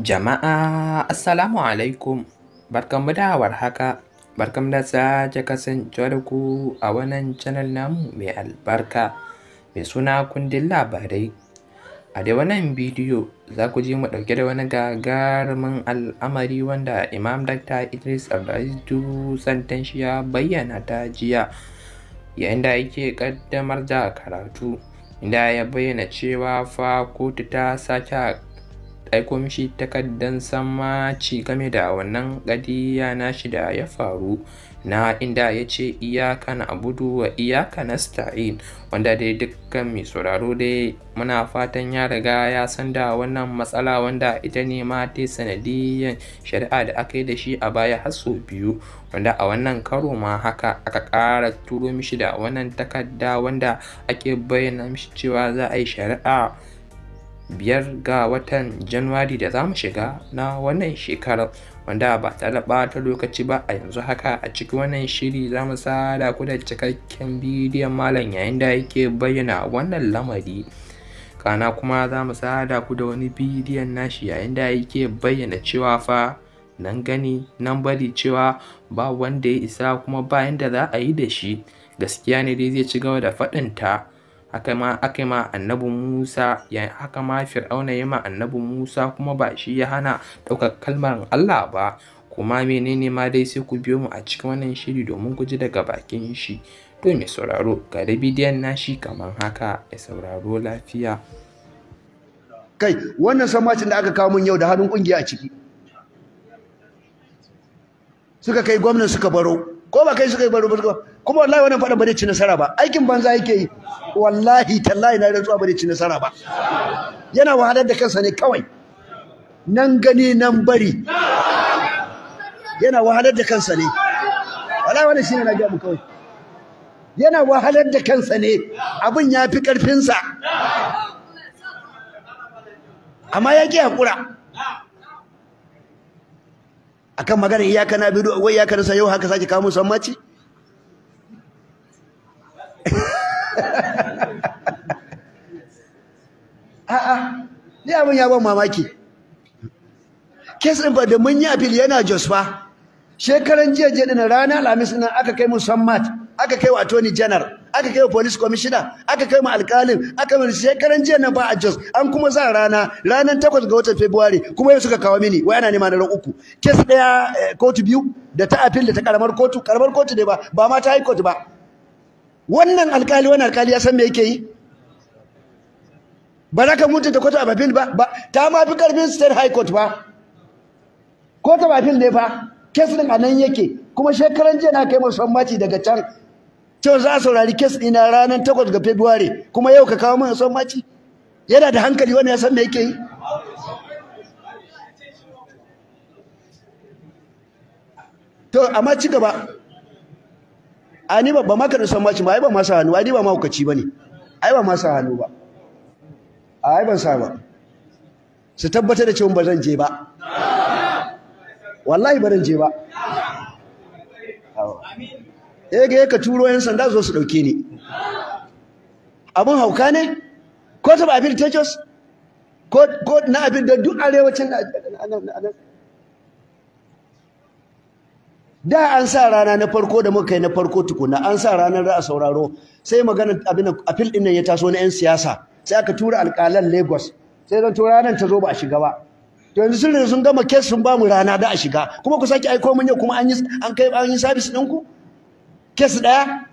Jama'a Assalamu alaikum barkanmu da warhaka barkanmu da sake kasancewa da ku a wannan channel namu mai albarka mai suna kundin labarai a da wannan bidiyo za ku ji mu ɗauke da wani gagarumin al'amari wanda imam Dr. Idris Abdulaziz shi ya bayyana ta jiya yayin da yake ƙaddamar da karatu inda ya bayyana cewa fa kotu ta sake aiko mishi takardan ci game da wannan na shi da ya faru na inda ya ce iyaka na abudu wa iyaka na sta'in wanda dai dukkan mai sauraro dai muna fatan ya riga ya san da wannan matsala wanda ita ne ma ta sanadiyyar shari'a da aka yi da shi a baya har sau biyu wanda a wannan karo ma haka aka kara turo mishi da wannan takarda wanda ake bayyana mishi cewa za a yi shari'a biyar ga watan Januwari da za mu shiga na wannan shekarar wanda ba tare ta lokaci ba a yanzu haka a cikin wannan shiri za mu sada ku da cikakken bidiyon malam yayin da yake bayyana wannan lamari kana kuma za mu sada ku da wani bidiyon nashi yayin da yake bayyana cewa fa nan gani nan bari cewa ba wanda ya isa kuma bayan da za a yi da shi gaskiya ne dai zai ci gaba da faɗinta haka ma aka ma annabi Musa ya haka ma Fir'auna ya ma annabi Musa kuma ba shi ya hana ɗaukar kalmar Allah ba kuma menene ma dai sai ku biyo mu a cikin wannan shiri domin ku ji daga bakin shi to mai sauraro ga da bidiyon nashi kamar haka ya sauraro lafiya kai wannan samacin da aka kawo mun yau da hannun kungiya a ciki suka kai gwamnan suka baro ko ba kai suka yi baro ba kuma wallahi wannan fadan ba zai ci nasara ba aikin banza yake yi wallahi tallahi na rantsuwa ba zai ci nasara ba yana wahalar da kansa ne kawai nan gani nan bari yana wahalar da kansa ne wallahi wannan shine na ga mu kawai yana wahalar da kansa ne abin ya fi karfinsa amma ya ƙi hakura. akan magana iyaka na bidu wai iyaka na yau haka sake kawo musammaci a'a ni abin ya ban mamaki kes din fa da mun yi afil yana Jos fa shekaran jiya jiya din rana Alhamis nan aka kai sammat aka kai wa Attorney General aka kai police commissioner aka kai mu alƙalin aka mai shekaran jiya na ba a Jos an kuma za rana ranar 8 ga watan February kuma yau suka kawo mini wai ana nema na ran uku case daya eh, kotu biyu da ta appeal da ta karamar kotu karamar kotu ne ba ba ma ta high court ba wannan alƙali wannan alƙali ya san me yake yi ba za ka mutunta kotu a appeal ba ta ma fi karfin state high court ba court a appeal ne fa case din anan yake kuma shekaran jiya na kai mu son daga can cewa za a saurari kes ɗina ranar takwas ga february kuma yau ka kawo mana son maci yana da hankali wani ya san me yake yi to amma ci gaba a ni babba maka da son maci A ai ba ma sa hannu ai ba ma hukaci ba ne ai ba ma sa hannu ba ai ban sa ba su tabbatar da cewa ba zan je ba wallahi ba zan je ba amin ya ga ka turo yan sanda zo su dauke ni abun hauka ne ko ta ba abin tejos ko na abin da duk arewacin da an sa rana na farko da muka yi na farko tukuna an sa ranar da a sauraro sai magana abin afil din nan ya taso na yan siyasa sai aka tura alƙalan Lagos sai zan tura ranar ta zo ba a shiga ba to yanzu sun sun gama kes sun ba mu rana da a shiga kuma ku sake aiko mun yau kuma an yi an kai an yi service ɗinku kes ɗaya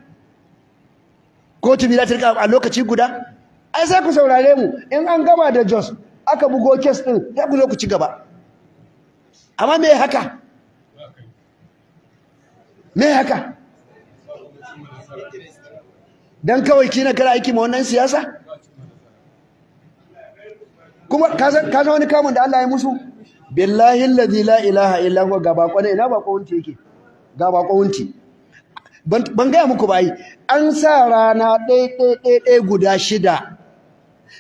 ko biyu za a lokaci guda ai sai ku saurare mu in an gama da jos aka bugo kes ɗin ya ku zo ku ci gaba amma me haka me haka dan kawai kina kara aiki ma wannan siyasa kuma ka san wani kamun da Allah ya musu billahi allazi la ilaha illa huwa ga ina bakon wunti yake ga bakon wunti ban gaya muku ba yi an sa rana ɗaiɗaiɗaiɗai guda shida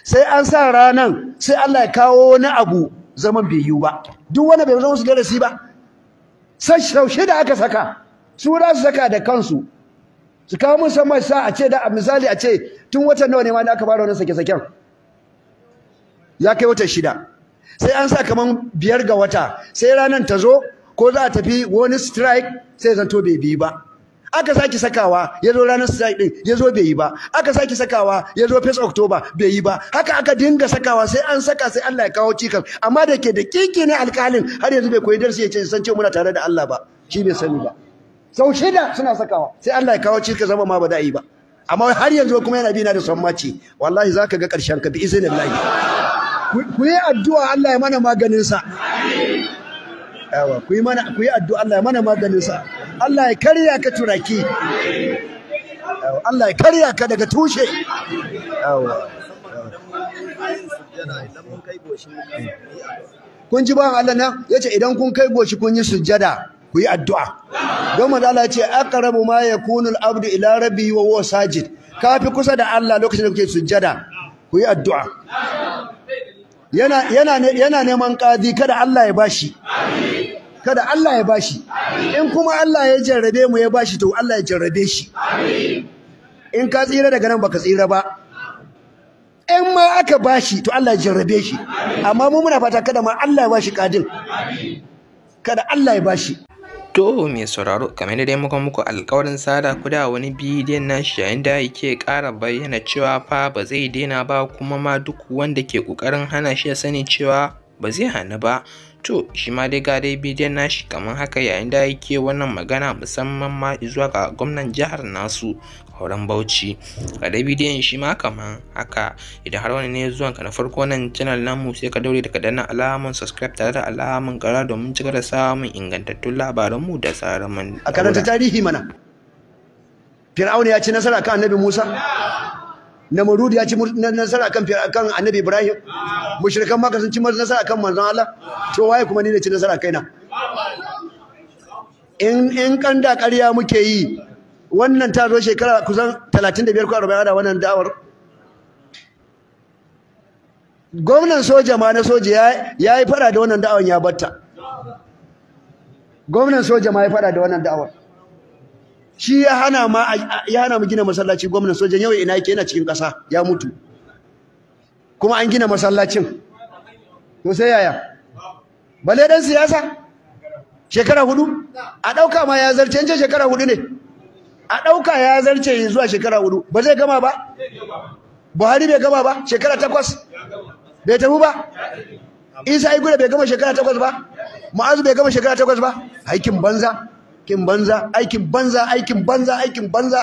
sai an sa ranan sai Allah ya kawo wani abu zaman bai yiwu ba duk wani bai zama su darasi ba saushe da aka saka su su saka da kansu su kawo mun san mai sa a ce da a misali a ce tun watan nawa ne ma da aka fara wannan sake-saken ya kai wata shida sai an sa kaman biyar ga wata sai ranan ta zo ko za a tafi wani strike sai zanto bai biyu ba aka saki sakawa ya zo ranar strike din ya zo bai yi ba aka saki sakawa ya zo first october bai yi ba haka aka dinga sakawa sai an saka sai Allah ya kawo cikas amma da ke da kiki ne alƙalin har yanzu bai koyi darsi ya ce san ce muna tare da Allah ba shi bai sani ba sau shida suna sakawa sai Allah ya kawo cikas zama ma ba da yi ba amma har yanzu kuma yana na da sammaci wallahi zaka ga karshen ka bi izinin Allah ku yi addu'a Allah ya mana maganin sa amin yawa ku yi mana ku yi addu'a Allah ya mana maganin sa Allah ya karya ka turaki yawa Allah ya karya ka daga tushe yawa kun ji bayan Allah nan yace idan kun kai goshi kun yi sujjada ku yi addu'a don manzo Allah yace aqrabu ma yakunu al-abdu ila rabbihi wa huwa sajid kafi kusa da Allah lokacin da kuke sujjada ku yi addu'a yana yana yana neman kadi kada Allah ya bashi kada Allah ya bashi in kuma Allah ya jarrabe mu ya bashi to Allah ya jarrabe shi in ka tsira daga nan baka tsira ba in ma aka bashi to Allah ya jarrabe shi amma mu muna fata kada ma Allah ya bashi kadin kada Allah ya bashi To mai sauraro kamar da dai muka muku alƙawarin sada ku da wani bidiyon nashi yayin da yake ƙara bayyana cewa fa ba zai daina ba kuma ma duk wanda ke ƙoƙarin hana shi ya sani cewa ba zai hana ba to shi ma dai gadai bidiyon nashi kamar haka yayin da yake wannan magana musamman ma zuwa ga gwamnan jihar nasu hauren bauchi ga dai bidiyon shi ma kamar haka idan har wani ne zuwan ka na farko nan channel mu sai ka daure da dana alamun subscribe tare da alamun kara domin cika da samun ingantattun labaran mu da a karanta tarihi mana fir'auna ya ci nasara kan annabi musa namrud ya ci nasara akan kan annabi ibrahim mushrikan maka sun ci nasara akan manzon Allah to waye kuma ni ne ci nasara kaina in in kan da ƙarya muke yi wannan ta zo shekara kusan 35 ko 40 da wannan da'awar gwamnan soja ma na soja ya yi fada da wannan da'awar ya batta gwamnan soja ma ya fada da wannan da'awar shi ya hana ma ya hana mu gina masallaci gwamnan sojan yau ina yake yana cikin ƙasa ya mutu kuma an gina masallacin to sai yaya bale dan siyasa shekara hudu a ɗauka ma ya zarce ce shekara hudu ne a ɗauka ya zarce zuwa shekara hudu ba zai gama ba buhari bai gama ba shekara takwas bai tafi ba isa igure bai gama shekara takwas ba ma'azu bai gama shekara takwas ba Aikin banza Aikin banza aikin banza aikin banza aikin banza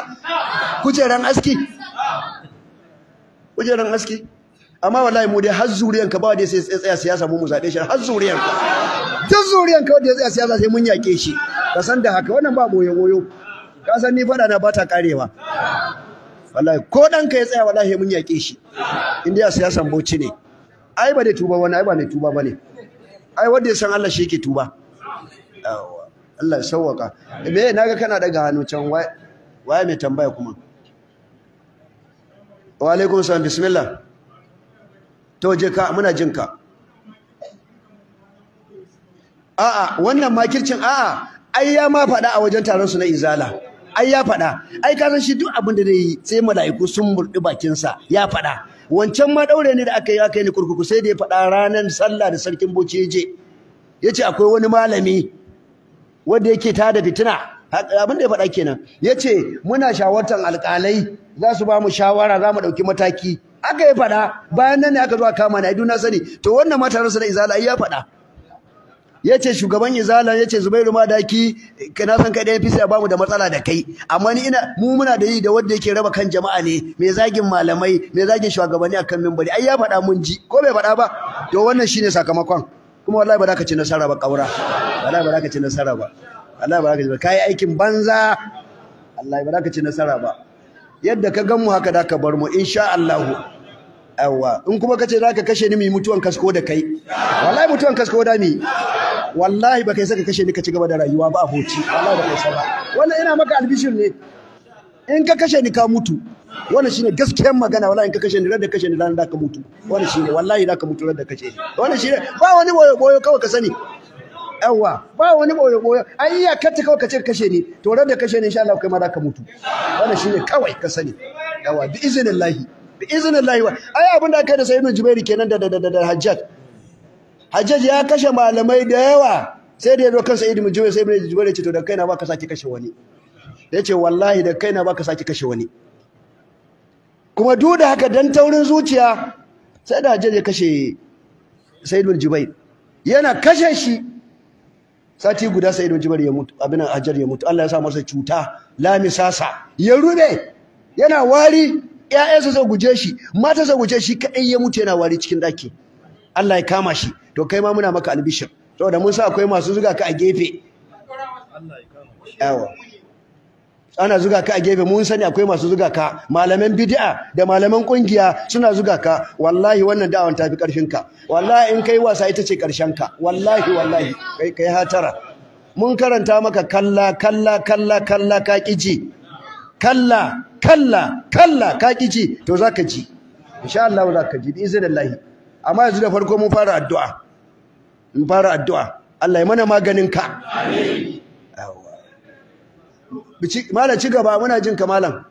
kujeran aski kujeran aski amma wallahi mu dai har zuriyan ka ba dai sai tsaya siyasa mu mu shi har zuriyan ka duk zuriyan ka dai ya tsaya siyasa sai mun yake shi ka san da haka wannan ba boye boyo ka san ni fada na bata karewa wallahi ko dan ka ya tsaya wallahi mun yake shi indiya siyasan bauchi ne ai ba dai tuba wani ai ba ne tuba bane ai wanda ya san Allah shi yake tuba Allah sawwaka me naga kana daga hannu can waye mai tambaya kuma wa alaikum salam bismillah to je ka muna jin ka a'a wannan makircin a'a ai ya ma faɗa a wajen taron su na izala ai ya faɗa ai ka san shi duk abin da zai yi sai mala'iku sun murɗi sa ya faɗa wancan ma daure ne da aka yi aka yi ni kurkuku sai da ya faɗa ranar sallah da sarkin bocce je ya ce akwai wani malami wanda yake ta da fitina abin da ya faɗa kenan yace muna shawartan alƙalai za su ba mu shawara za mu ɗauki mataki aka yi faɗa bayan nan ne aka zo a kama ni na sani to wannan matarsa na izala ya faɗa yace shugaban izala yace Zubairu Madaki kana san kai da ya ba mu da matsala da kai amma ni ina mu muna da yi da wanda yake raba kan jama'a ne mai zagin malamai mai zagin shugabanni akan minbari ai ya faɗa mun ji ko bai faɗa ba to wannan shine sakamakon kuma wallahi ba za ka ci nasara ba kaura Allah ba za ka ci nasara ba Allah ba za ka ci ka yi aikin banza Allah ba za ka ci nasara ba yadda ka gan mu haka da ka bar mu insha Allah yawa in kuma ka ce za ka kashe ni mu mutuwan kasko da kai wallahi mutuwan kasko da ni. wallahi ba kai saka kashe ni ka ci gaba da rayuwa ba hoci. wallahi ba kai saba wannan ina maka albishir ne in ka kashe ni ka mutu wannan shine gaskiyar magana wallahi in ka kashe ni da kashe ni ranar da ka mutu wannan shine wallahi da ka mutu da kashe ni wannan shine ba wani boyo boyo kawai ka sani yawa ba wani boye boye ai iyakar ta kawai kace kashe ni to ran da kashe ni insha Allah kai ma za ka mutu wannan shine kawai ka sani yawa bi iznillahi bi iznillahi ai abin da kai da sayyidun jubairi kenan da da da hajjaj hajjaj ya kashe malamai da yawa sai da ya zo kansa idin sai ibn jubairi ce to da kaina ba ka saki kashe wani yace wallahi da kaina ba ka saki kashe wani kuma duk da haka dan taurin zuciya sai da hajjaj ya kashe sayyidun jubairi yana kashe shi sati guda sai ibn jibar ya mutu abin hajar ya mutu Allah ya sa masa cuta lamisasa ya rube yana wari ƴaƴansa sai guje shi mata sai guje shi kai ya mutu yana wari cikin daki Allah ya kama shi to kai ma muna maka albishir saboda mun sa akwai masu zuga ka a gefe yawa ana zuga ka a gefe mun sani akwai masu zuga ka malaman bid'a da malaman kungiya suna zuga ka wallahi wannan da'awan ta fi karfin ka wallahi in kai wasa ita ce karshen ka wallahi wallahi kai kai hatara mun karanta maka kalla kalla kalla kalla ka kiji kalla kalla kalla ka kiji to zaka ji insha Allah zaka ji bi Allah amma yanzu da farko mun fara addu'a mun fara addu'a Allah ya mana maganin ka amin malam ci gaba muna jin malam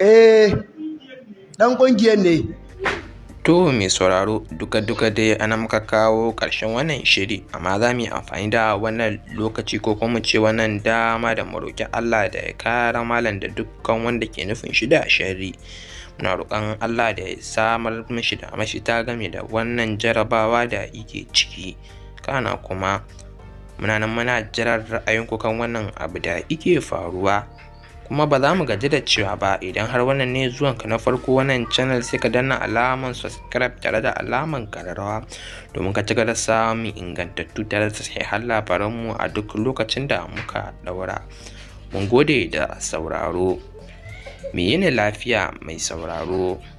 eh dan kungiyar ne To mai sauraro duka-duka dai ana muka kawo ƙarshen wannan shiri amma za mu yi amfani da wannan lokaci ko kuma ce wannan dama da mu Allah da ya kara malam da dukkan wanda ke nufin shi da sharri. Muna roƙon Allah da ya samar mishi da mashi ta game da wannan jarabawa da yake ciki. Kana kuma muna nan muna jiran ra'ayinku kan wannan abu da ike faruwa kuma ba za mu gaji da cewa ba idan har wannan ne zuwanka na farko wannan channel sai ka danna alaman subscribe tare da alaman kararrawa domin ka cika da samun ingantattu tare da sahihan labaranmu a duk lokacin da muka daura mun gode da sauraro mu yi lafiya mai sauraro